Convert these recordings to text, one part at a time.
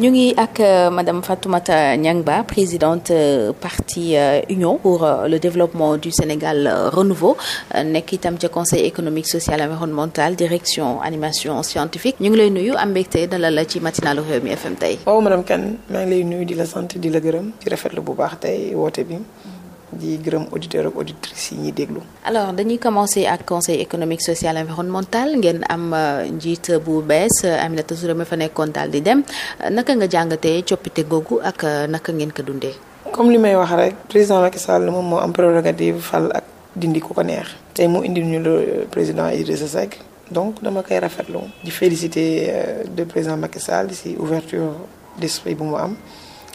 ñu ngi ak euh, madame Fatoumata Niang Ba présidente euh, parti euh, Union pour le développement du Sénégal renouveau nekk itam ca conseil économique social environnemental direction animation scientifique ñu ngi lay nuyu am mbégte dalal la ci matinalu Rewmi FM tey. waaw oh, madame Kane maa lay nuyu di la sant di la gërëm ci rafetlu bu baax tey woote bi. di gërëm auditeurs ak auditrices yi ñuy déglu. alors dañuy commencer ak conseil économique social environnemental ngeen am euh, njiit bu bees Aminata Touré ma fa nekkoon daal di dem naka nga jàngatee coppite googu ak euh, naka ngeen ko dundee. comme li may wax rek président Macky Sall moom moo am prérogative fal ak dindi ku ko neex. tey mu indi ñu le président Idrissa Seck. donc dama koy rafetlu. di féliciter de euh, président Macky Sall si ouverture d'esprit bu mu am.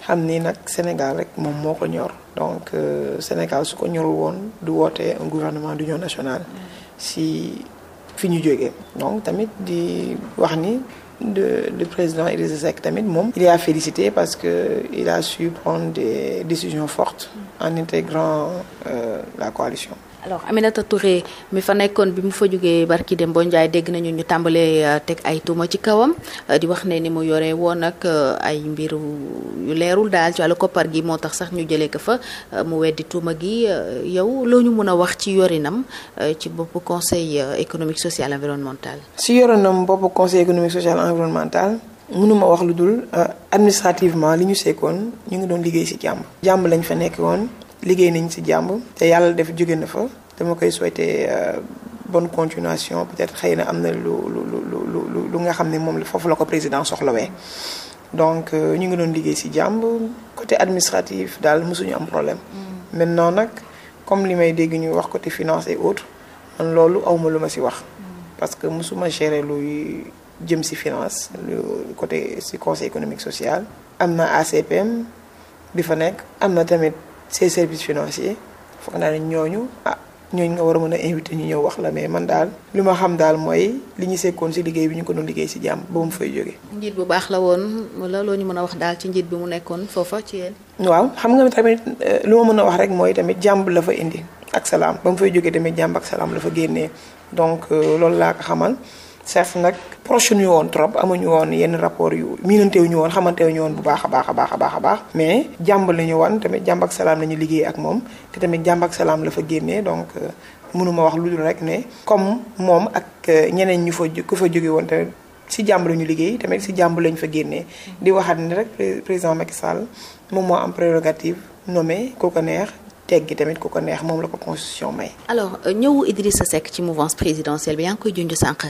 xam ni nag Sénégal rek moom moo ko ñor donc euh, Sénégal su ko ñorul woon du woote un gouvernement d'union nationale si fi ñu jógee donc tamit di wax ni de le président Idrissa sec tamit moom il est à parce que il a su prendre des décisions fortes en intégrant euh, la coalition. alors Aminata Touré mi fa nekkoon bi mu fa jógee barki dem boo Ndiaye dégg nañu ñu tàmbalee euh, teg ay tuuma ci kawam euh, di wax ne ni mu yore woon ak euh, ay mbir yu leerul daal ci wàllu koppar gi moo tax sax ñu jëlee ko fa mu weddi tuuma gi yow loo ñu mën a wax ci yorinam ci boppu conseil économique social environnemental. si yorinam boppu conseil économique social environnemental. mënuma wax lu dul euh, administrativement li ñu seekoon ñu ngi doon liggéey ci jàmb jàmm lañ fa nekk woon liggéey nañ ci jàmb te yàlla def jóge na fa dama koy souhaiter euh, bonne continuation peut xëy na am na lu lu lu lu nga xam ne moom foofu la ko président soxlawee. donc euh, ñu ngi doon liggéey ci jàmb côté administratif daal mësuñu am problème. Mm. maintenant nag comme li may dégg ñuy wax côté finance et autres man loolu awma lu ma ci wax. Mm. parce que mësuma gérer jëm ci finance lu côté ci conseil économique social am na ACPM bi fa nekk am na tamit ces service financiers foofu naa ne ñooñu ah ñooñu nga war a mën a invité ñu ñëw wax la mais man daal li ma xam daal mooy li ñu sekkoon ci liggéey bi ñu ko doon liggéey ci jàmm ba mu fay jóge njiit bu baax la woon wala loo ñu mën a wax daal ci njiit bi mu nekkoon foofa ci waaw xam nga tamit eh, lu ma mën a wax rek mooy tamit jàmb la fa indi ak salaam ba mu fay jógee tamit jàmm ak salaam la fa génnee donc eh, loolu laa ko xamal. CEF nag proche ñu woon trop amuñu woon yenn rapport yu miinantewuñu woon ñu woon bu baax a baax a baax a baax a baax mais jàmb la ñu woon tamit jàmb ak salaam la ñu liggéey ak moom te tamit jàmb salaam la fa génnee donc euh, mënuma wax lu dul rek ne comme moom ak euh, ñeneen ñu fa ku fa jóge woon tamit si jàmb la ñu liggéey tamit si jàmb lañ fa génnee di waxaat ni rek président Macky Sall moom moo am prérogative nommé ku ko neex teggi tamit ku ko neex moom la ko constitution may. alors euh, ñëw Idrissa Seck ci mouvance présidentielle bi yaa ngi koy junj sànq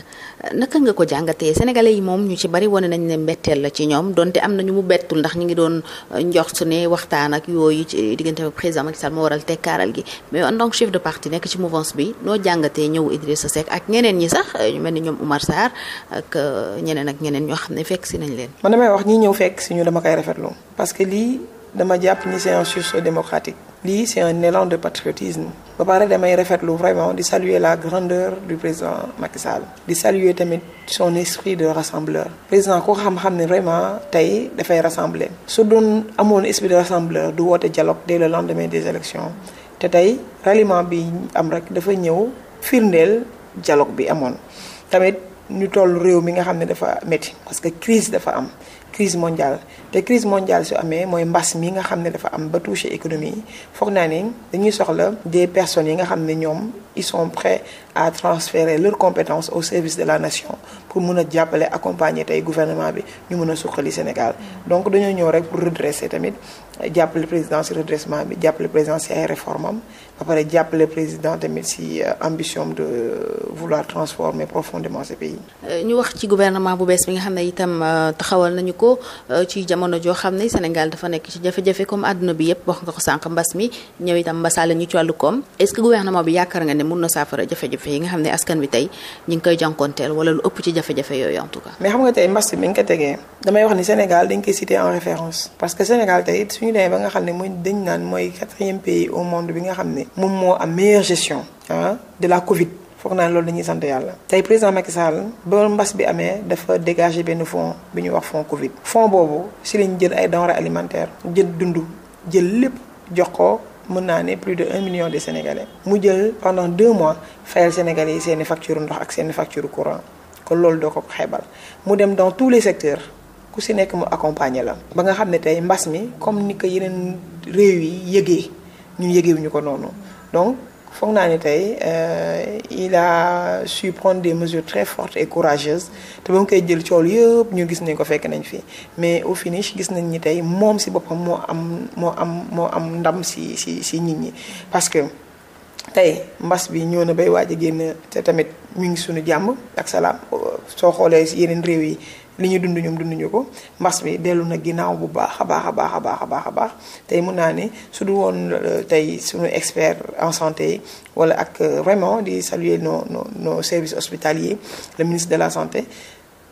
naka nga ko jàngatee sénégalais yi moom ñu ci bari wane nañ ne mbetteel la ci ñoom donte am na ñu mu bettul ndax ñu ngi doon euh, njox su ne waxtaan ak yooyu ci diggante président Macky Sall moo waral tekkaaral gi mais en tant que chef de parti nekk ci mouvance bi noo jàngatee ñëw Idrissa Seck ak ñeneen ñi sax euh, ñu mel ni ñoom Oumar Sarr ak ñeneen ak ñeneen ñoo xam ne fekk si nañ leen. man damay wax ñi ñëw fekk si ñu dama koy dama jàpp ni c'est un sursaut démocratique lii c'est un élan de patriotisme ba pare damay rafetlu vraiment di saluer la grandeur du président Macky Sall di saluer tamit son esprit de rassembleur président ko xam-xam ne vraiment tey dafay rassembler su doon amoon esprit de rassembleur du woote dialogue dès le lendemain des élections te tey ralliement bi am rek dafa ñëw firndeel dialogue bi amoon tamit ñu toll réew mi nga xam ne dafa métti parce que crise dafa am crise mondiale te crise mondiale su amee mooy mbas mi nga xam ne dafa am ba touché économie yi foog naa ni dañuy soxla des personnes yi nga xam ne ñoom ils son prêts à transférer leurs compétence au service de la nation pour mun a jàppale accompagner tey gouvernement bi ñu mun a suqali Sénégal donc dañoo ñëw rek pour redresser tamit jàppale président si redressement bi jàppale président si ay réforme am ba pare jàppale président tamit si euh, ambition de euh, vouloir transformer profondément ce pays. Euh, ñu wax ci gouvernement bu bees bi nga xam ne itam taxawal nañu ko ci jamono joo xam ne Sénégal dafa nekk ci jafe-jafe comme àdduna bi yëpp wax nga ko sànq mbas mi ñëw itam mbasaale ñu ci wàllu koom est bi yaakaar nga ne mun na saafara jafe-jafe yi nga xam ne askan wi tey ñu ngi koy jànkoonteel wala lu ëpp ci jafe-jafe yooyu en tout cas. mais xam nga tey mbas mi nga ko tegee. damay wax ni Sénégal dañ koy cité en référence parce que Sénégal tey suñu demee ba nga xam ne mooy dañ naan mooy quatrième pays au monde bi nga xam ne moom moo am meilleure gestion ah de la Covid foog naa loolu dañuy sant yàlla tey président Macky Sall ba mbas bi amee dafa dégagé benn fon bi ñuy wax fonds Covid fonds boobu si lañ jël ay denrées alimentaire jël dundu jël lépp jox ko mën naa ne plus de un million de Sénégalais mu jël pendant deux mois fayal Sénégalais yi seen i facture ndox ak seen i facture kon loolu doo ko xeebal mu dem dans tous les secteurs ku si nekk mu accompagner la ba nga xam ne tey mbas mi comme ni ko yeneen réew yi yëge ñun ñu ko noonu donc foog naa ne tey euh, il a su prendre des mesures très fortes et courageuses te ba mu koy jël cool yëpp ñu gis nañ ko fekk nañ fi mais au finish gis nañ ni tey moom si boppam moo am moo am moo am ndam si si si nit ñi parce que tey mbas bi ñëw na bay waaj a génn te tamit ñu ngi suñu jàmm ak salaam soo xoolee yeneen réew yi li ñu dund ñoom dunduñu ko mbas bi dellu na ginnaaw bu baax a baax a baax a baax a baax a baax tey mun naa ni su du woon euh, tey suñu expert en santé yi wala ak euh, vraiment di saluer nos nos service services hospitaliers le ministre de la santé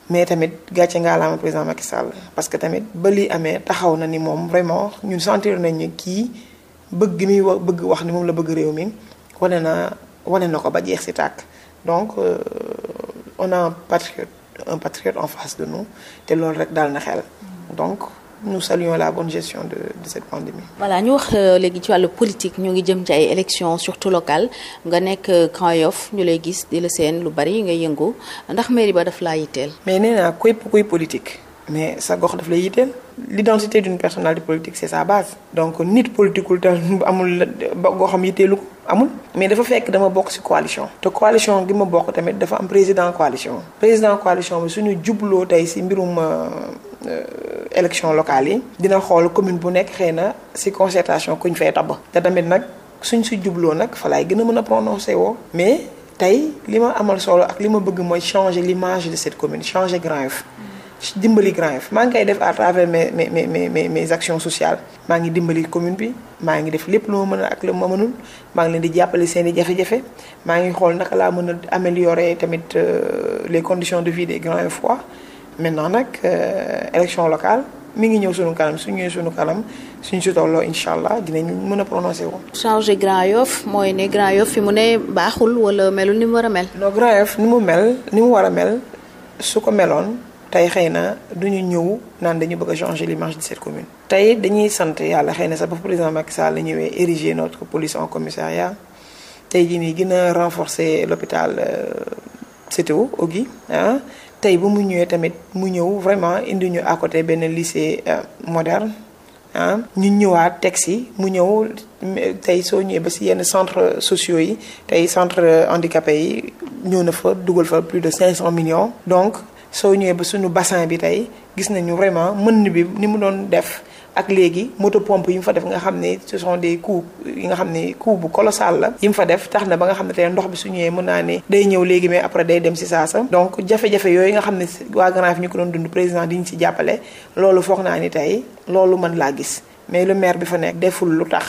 mais tamit gàcce ngaalaama président Macky Sall parce que tamit ba amee taxaw na ni moom vraiment ñun sentir nañ ni kii bëgg muy bëgg wax ni moom la bëgg réew mi wane na wane na ko ba jeex si tàkk donc euh, on a un un patriote en face de nous te loolu rek daal na xel donc nous saluons la bonne gestion de de cette pandémie. voilà ñu wax euh, léegi ci wàllu politique ñu ngi jëm ci ay élections surtout locale nga nekk euh, Grand Yoff ñu lay gis di la seen lu bari nga yëngu ndax mairie ba daf laa yitteel. mais nee naa kuy kuy politique. mais sa gox daf lay yitteel l'identité d'une personnalité politique c'est sa base donc nit politikul te amul ba goxam yitteelu ko amul mais dafa fekk dama bokk ci coalition te coalition gi ma bokk tamit dafa am président coalition président coalition bi suñu jubloo tey ci mbirum euh, euh, élection locale yi dina xool commune bu nekk xëy na ci concertation kuñ fay tabb te tamit nag suñ si jubloo nag fa laay gën a mën a prononcer woo mais tey li ma amal solo ak li ma bëgg mooy changer l'image de cette commune changer Grand dimbali Grand Yoff maa ngi koy def à travers mes mes mes mes mes actions sociales maa ngi dimbali commune bi maa ngi def lépp lu ma mën a ak lu ma mënul maa ngi leen di jàppale seeni i jafe-jafe maa ngi xool naka laa mën a améliorer tamit euh, les conditions de vie des Grand Yoffois maintenant nag euh, élection locale mi ngi ñëw sunu kanam su ñëwee sunu kanam suñ si tolloo incha allah dinañ mën a prononcé woon changer Grand Yoff mooy ne Grand Yoff fi mu ne baaxul wala melul ni mu war a mel. non Grand Yoff mu mel ni mu war a mel su ko meloon. tey xëy na du ñu ñëw naan dañu bëgg a changer l'image de cette commune. tey dañuy sant yàlla xëy na sax ba président Macky Sall ñëwee ériger notre police en commissariat tey jii nii gën a renforcer l'hôpital CTO euh, Ogui ah tey ba mu ñëwee tamit mu ñëw vraiment indi ñu à côté benn lycée euh, moderne. ah ñu ñëwaat teg si mu ñëw tey soo ñëwee ba si yenn centres sociaux yi tey centre handicapé yi ñëw na fa dugal fa plus de 500 millions donc soo ñëwee ba suñu bassin bi tey gis nañu vraiment mën bi ni mu doon def ak léegi moto pompe yi mu fa def nga xam ne ce sont des coûts yi nga xam ne coût bu colossal la yi mu fa def tax na ba nga xam ne tey ndox bi su ñëwee mën naa ne day ñëw léegi mais après day dem si saasa donc jafe-jafe yooyu nga xam ne waa Grand Yoff ñu ko doon dund président di ñu si jàppale loolu foog naa ni tey loolu mën laa gis mais le maire bi fa nekk deful lu tax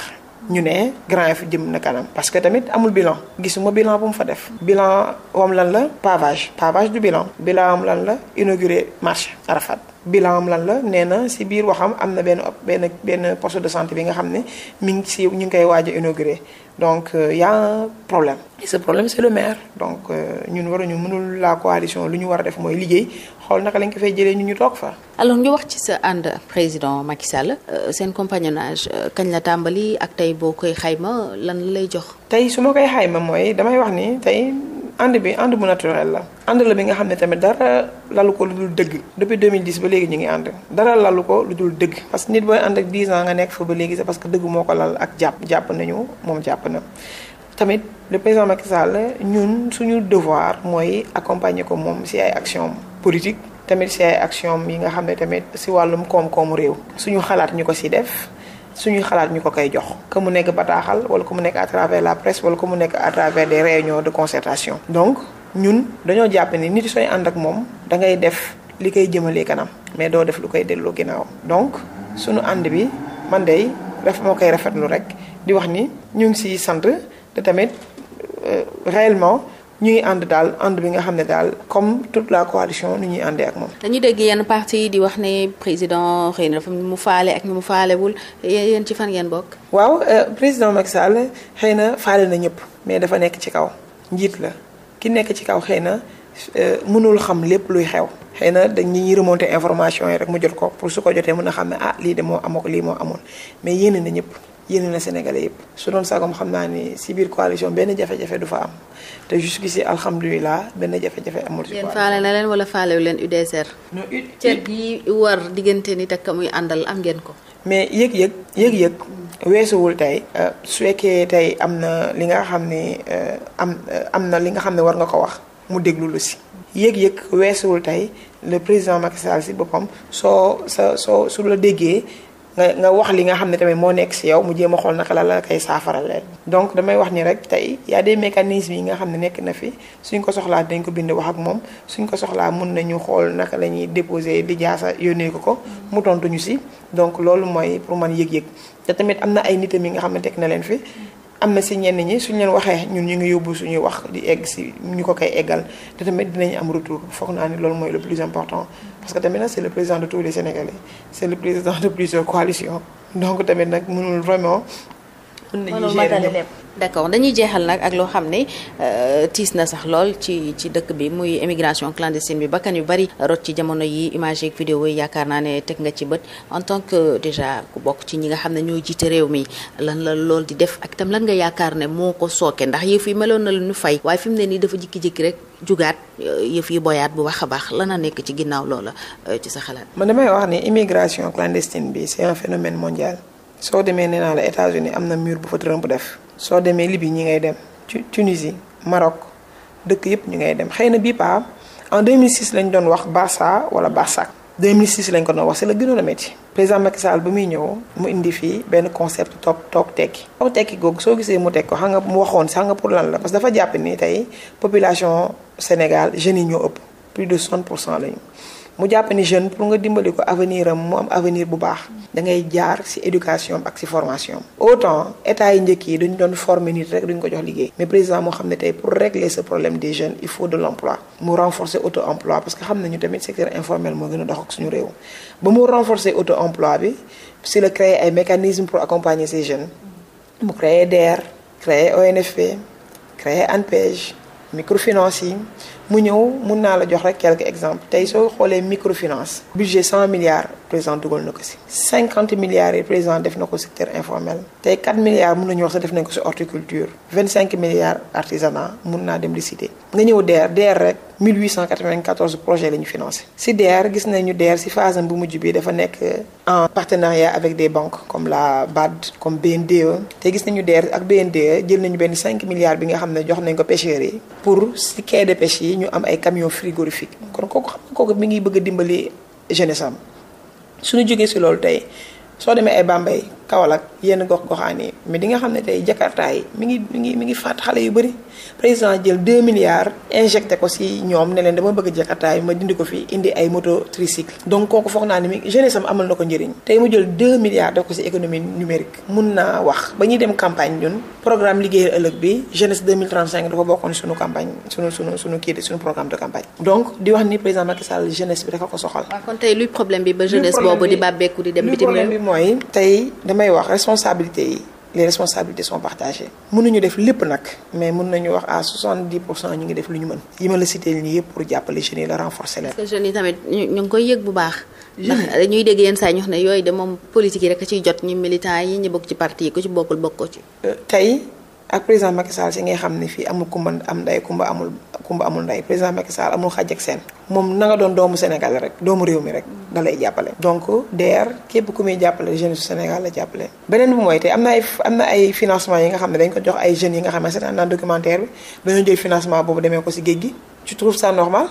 ñu ne Grand Yoff jëm na kanam parce que tamit amul bilan gisuma bilan bu mu fa def bilan wam lan la pavage pavage du bilan bilan wam lan la inauguré marché Arafat bilan am lan la nee na si biir waxam am na benn benn benn poste de santé bi nga xam ne mi ngi si ñu ngi koy waaj a inauguré donc euh, y problème. et problème c'est le maire. donc euh, ñun ñu mënul la coalition lu ñu war a def mooy liggéey xool naka lañ ko fay jëlee ñu ñu toog fa. alors ñu wax ci sa ànd ak président Macky la euh, seen compagnonnage kañ la tàmbali ak tey boo koy xayma lan la lay jox. tey su ma koy xayma mooy damay wax nii tey. ànd bi ànd bu naturel la ànd la bi nga xam ne tamit dara lalu ko lu dul dëgg depuis 2010 ba léegi ñu ngi ànd dara lalu ko lu dul dëgg parce que nit booy ànd ak 10 ans nga nekk fa ba léegi c'est parce que dëgg moo ko lal ak jàpp jàpp nañu moom jàpp na tamit le président Macky Sall ñun suñu devoir mooy accompagner ko moom ci ay action politique tamit ci ay action yi nga xam ne tamit si wàllum koom-koomu réew suñu xalaat ñu ko si def suñuy xalaat ñu ko koy jox que mu nekk bataaxal wala ku mu nekk à la presse wala ku mu nekk à travers des de concertation donc ñun dañoo jàpp ni nit sooy ànd ak moom da ngay def li koy jëmalee kanam mais doo def lu koy delloo ginnaaw donc suñu ànd bi man dey ref moo koy rafetlu rek di wax ni ñu ngi siy sant te tamit euh, réellement ñuy ànd daal ànd bi nga xam ne daal comme tout la coalition ni ñuy àndee ak moom. dañuy dégg yenn parti yi di wax ne président xëy na dafa mu faale ak ñu mu faalewul yéen ci fan ngeen bokk. waaw euh, président Macky Sall xëy na faale na ñëpp mais dafa nekk ci kaw njiit la ki nekk ci kaw xëy na euh, mënul xam lépp luy xew. xëy na dañ ñuy remonter information yi rek mu jot ko pour su ko jotee mun a xam ne ah lii de moo amoo lii moo amoon mais yéene na ñëpp. yéene na yëpp su doon sagoom xam naa ni si biir coalition benn jafe-jafe am te jusqu'ici alhamdulilah benn jafe-jafe amul. na leen wala faalewu leen UDSR. non UD gi war diggante ni takk muy àndal am ngeen ko. mais yëg-yëg yëg-yëg weesuwul tey. Euh, su fekkee tey am na li nga xam ne euh, am euh, am na li nga xam ne war nga ko wax mu déglu lu si. yëg-yëg weesuwul tey le président Macky si boppam soo sa soo su la déggee. nga nga wax li nga xam ne tamit moo nekk si yow mu jéem a xool naka la la koy saafaral donc damay wax ni rek tey y a des mécanismes yi nga xam ne nekk na fi suñ ko soxlaa dañ ko bind wax ak moom suñ ko soxlaa mun nañu xool naka la ñuy déposer di jaasa yónnee ko ko mu tontuñu si donc loolu mooy pour man yëg-yëg te tamit am na ay nitam yi nga xam ne teg na leen fi am na si ñenn ñi suñ leen waxee ñun ñu ngi yóbbu suñuy wax di egg si ñu ko koy eggal te tamit dinañ am retour foog naa ni loolu mooy le plus important parce que tamit nag c'est le président de tous les Sénégalais c'est le président de plusieurs coalitions donc tamit nag mënul vraiment mënul matale lépp d'accord dañuy jeexal nag ak loo xam ne euh, tiis na sax lool ci ci dëkk bi muy immigration clandestine bi bakkan yu bari rot ci jamono yi image yeeg vidéo yi yaakaar naa ne teg nga ci bët en tant que déjà ku bokk ci ñi nga xam ne ñoo jiite réew mi lan la lool di def ak itam lan nga yaakaar ne moo ko sooke ndax yëf yi meloon na lu ñu fay waaye fi mu ne nii dafa jikki-jikki rek jugaat euh, yëf yi boyaat bu wax a baax lan nekk ci ginnaaw loola euh, ci sa xalaat. man damay wax ne immigration clandestine bi phénomène mondial. soo demee nee naa la États-Unis am na mur bu fa Trump def soo demee Libye ñi ngay dem Tunisie Maroc dëkk yëpp ñu ngay dem xëy na bii paa en 2006 lañ doon wax Barça wala Barça 2006 lañ ko doon wax si la gënoon a métti président Macky Sall muy ñëw mu indi fii benn concept toog toog tekki toog tekki googu soo gisee mu teg ko xam nga mu waxoon sax nga pour lan la parce que dafa jàpp ni tey population Sénégal jeunes yi ñoo ëpp plus de 60 pour cent lañu mu jàpp ni jeune pour nga dimbali ko avenir am mu am avenir bu baax. da ngay jaar ci éducation ak ci formation autant état yi njëkk yi dañu doon former nit rek duñ ko jox liggéey. mais président moo xam ne tey pour régler ce problème des jeunes il faut de l'emploi. mu renforcer auto emploi parce que xam nañu tamit secteur informel moo gën a dox ak suñu réew. ba mu renforcer auto emploi bi si la créer ay mécanismes pour accompagner ces jeunes. mu créer DER créer ONFP créer ANPEJ microfinance mu ñëw mun naa la jox rek quelques exemple tey soo xoolee microfinance budget cent milliards président dugal na ko si cinquante milliards yi def na ko secteur informel tey quatre milliards mun nañu wax sax def nañ ko si horticulture vingt cinq milliards artisanat mun naa dem di cité nga ñëw DER DER rek 1894 projets la ñu financé si DER gis nañu DER si phase bu mujj bi dafa nekk en partenariat avec des banques comme la BAD comme BNDE te gis nañu DER ak BNDE jël nañu benn cinq milliards bi nga xam ne jox nañ ko pêcheurs yi pour si de pêche yi ñu am ay camion frigorifique kon kooku xam kooku mu ngi bëgg a dimbali jeunesse am suñu jógee si loolu tey soo demee ay Bambey Kaolack yenn gox-goxaan mais di xam ne tey Jakarta yi ngi mi ngi mi ngi faat xale yu bëri président jël 2 milliards injecté ko si ñoom ne dama bëgg Jakarta ma dindi ko fi indi ay moto tricycle donc kooku foog naa ne mi jeunesse am amal na ko njëriñ tey mu jël 2 milliards def ko si économie numérique mun naa wax ba ñuy dem campagne ñun programme liggéeyal ëllëg bi jeunesse 2035 dafa bokkoon sunu campagne sunu sunu campagne donc may wax responsabilité yi les responsabilités sont partagées mënuñu def lépp nag mais mën nañu wax à 70 pour cent ñu ngi def lu ñu mën yi ma la cité nii yëpp pour jàppale jeunes yi la renforcer leen. parce que yi tamit ñu ngi koy yëg bu baax. ndax ñuy dégg yenn saa yi ñu wax ne yooyu de moom politique yi rek a jot ñu militant yi ñu bokk ci parti yi ku ci bokkul bokk ko ci. Euh, tey ak président Macky Sall si ngay xam ni fii amul kumba am nday kumba amul kumba amul nday président Macky Sall amul xaj ak seen moom nanga doon doomu Sénégal rek doomu réew mi rek da lay jàppale donc DER képp ku muy jàppale jeunes su Sénégal la jàppale beneen bi mooy tey am na ay am na ay financement yi nga xam ne dañ ko jox ay jeunes yi nga xam ne seetaan naa documentaire bi dañoo jël financement boobu demee ko si géej gi tu trouves ça normal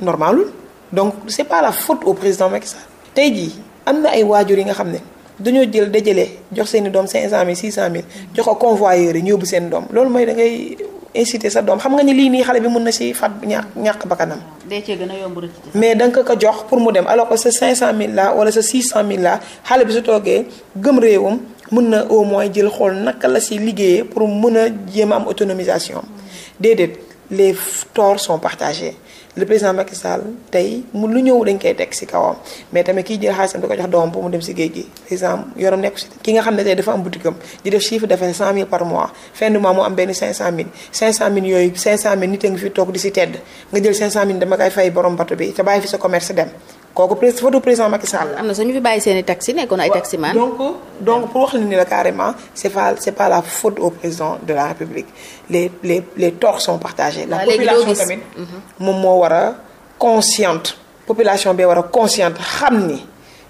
normalul donc c'est la faute au président Macky Sall tey jii am na ay waajur yi nga xam ne dañoo jël dajale jox seen i doom 500000 mille jox ko convoyeur yi ñu yóbbu seen doom loolu mooy dangay ngay inciter sa doom xam nga ni lii nii xale bi mun na si fat ñàkk ñàkk bakkanam dee cee gën a yomb mais da nga ko jox pour mu dem alors cinq sa 500000 la wala sa 600000 la xale bi su toogee gëm réewam mun na au moins jël xool naka la si liggéeyee pour mun a jéem am autonomisation déedéet les torts sont partagés. le président Macky Sall tey mu lu ñëw dañ koy teg si kawam mais tamit kiy jël xaalisam di ko jox doomam pour mu dem si géej gi président yorom nekku si ki nga xam ne tey dafa am boutique di def chiffre d'affaires 100000 par mois fin mu am benn 500000 500000 yooyu 500000 nit a ngi fi toog di si tedd nga jël 500000 dama koy fay borom bato bi te fi sa commerce dem kooku prés photo président Macky Sall na sañu fi bàyyi seen i taxi nekkoon ay taximan. donc donc pour wax la ni la carrément c' est pas c' est pas la faute au président de la République les les les torts sont partagés. la population tamit mhm. moom moo war a consciente. population bee war a consciente xam ni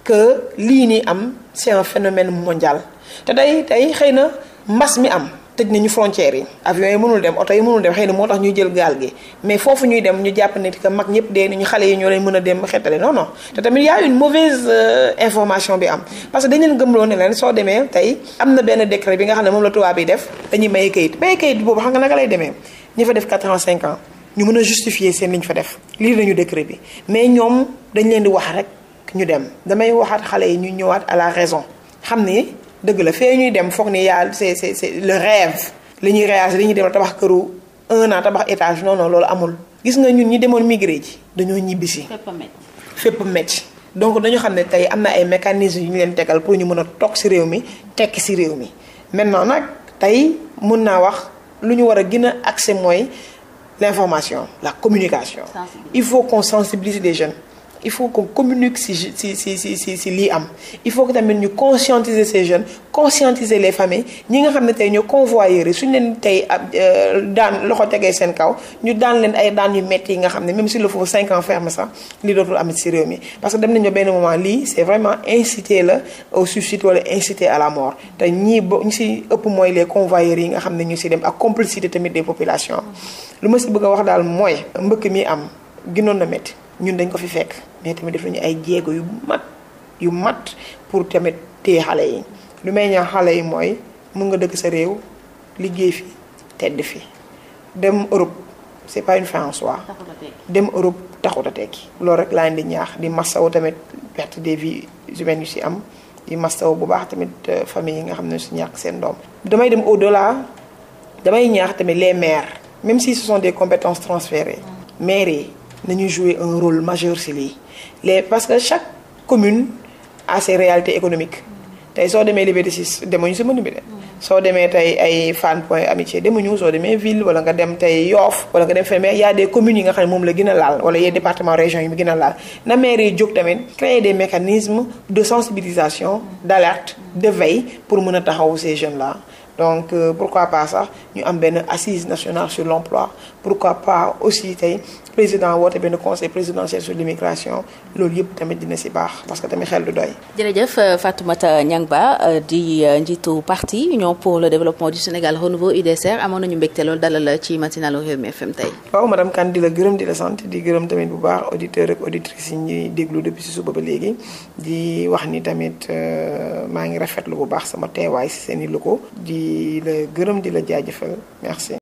que lii nii am c' est un phénomène mondial te day day xëy na mas mi am. tëj nañu frontières yi avion yi mënul dem oto yi mënul dem xëy moo tax ñuy jël gaal gi mais foofu ñuy dem ñu jàpp ne que mag ñëpp dee nañu xale yi ñoo leen mën a dem xettale non non te tamit y a euh, bi am parce que dañ leen gëmloo ne leen soo demee tey am na benn décret bi nga xam ne moom la tubaab yi def dañuy maye kayit maye kayit boobu xam nga naka lay demee ñu fa def 85 ans ñu mën a justifier seen li ñu fa def lii lañu décret bi mais ñoom dañ leen di wax rek ñu dem damay waxaat xale yi ñu ñëwaat à la raison xam ni dëgg la fee ñuy dem foog ni yàlla c'est c'est c'est le rêve li ñuy réagir li ñuy dem tabax këru naa tabax étage non loolu amul gis nga ñun ñi demoon migré ji dañoo ñibbi si fépp métti donc dañu xam ne tey am na ay mécanismes yu ñu leen tegal pour ñu mën a toog si réew mi tekki si réew mi maintenant nag tey mun naa wax lu ñu war a gën a accès mooy l'information la communication il faut qu'on sensibilise les jeunes il faut que communique si lii am il faut que tamit ñu conscientiser ces jeunes conscientiser les familles ñi nga xam ne tey ñoo convoyeurs suñu leen tey euh, daan loxo tegee seen kaw ñu daan leen ay daan yu métti yi nga xam ne même si le faut cinq ans ferme sax lii dootul am si réew mi parce que dem nañu benn moment lii c'est vraiment inciter la au suicide wala inciter à la mort te ñii ba ñu si ëpp mooy les convoyeurs yi nga xam ne ñu si dem ak complicité tamit des populations lu ma si bëgg a wax daal mooy mbëkk mi am gënoon na métti ñun dañ ko fi fekk mais tamit def nañu ay jéego yu mat yu mat pour tamit téye xale yi lu may ñaax xale yi mooy mun nga dëkk sa réew liggéey fi tedd fi dem Europe c'est pas une fin dem Europe taxut a tekki loolu rek laa di ñaax di massaw tamit perte des vie humaines yu si am di massaw bu baax tamit euh, famille yi nga xam ne si ñàkk seen doom damay dem au la damay ñaax tamit les maires même si ce sont des compétences transférées mm. maires yi nañu jouer un rôle majeur si lii les parce que chaque commune a ses réalités économiques tey soo demee Liberté 6 demuñu si mënu bi de soo demee tey ay fan Point Amitié demuñu soo demee ville wala nga dem tey Yoff wala nga dem fenn mais y a yi nga xam ne moom la gën laal wala y a département région yi mu gën laal na maire yi jóg tamit créer des mécanisme de sensibilisation d' alerte de veille pour mën a taxawu ces jeunes là donc euh, pourquoi pas sax ñu am benn assise nationale sur l'emploi pourquoi pas aussi tey président woote benn conseil présidentiel sur l'immigration loolu yëpp tamit dina ci baax parce que tamit xel du doy. jërëjëf euh, Fatoumata Niang Ba euh, di euh, njiitu parti Union pour le développement du Sénégal renouveau UDSR amoon nañu mbégte lool dalal ci matinalu Rewmi FM tey. waaw madame Kane di la gërëm di la sant di gërëm tamit bu baax auditeurs ak auditrices yi ñuy déglu depuis ci suba ba léegi di wax ni tamit maa ngi rafetlu bu baax sama teewaay ci seeni locaux di di la gërëm di la jaajëfal merci.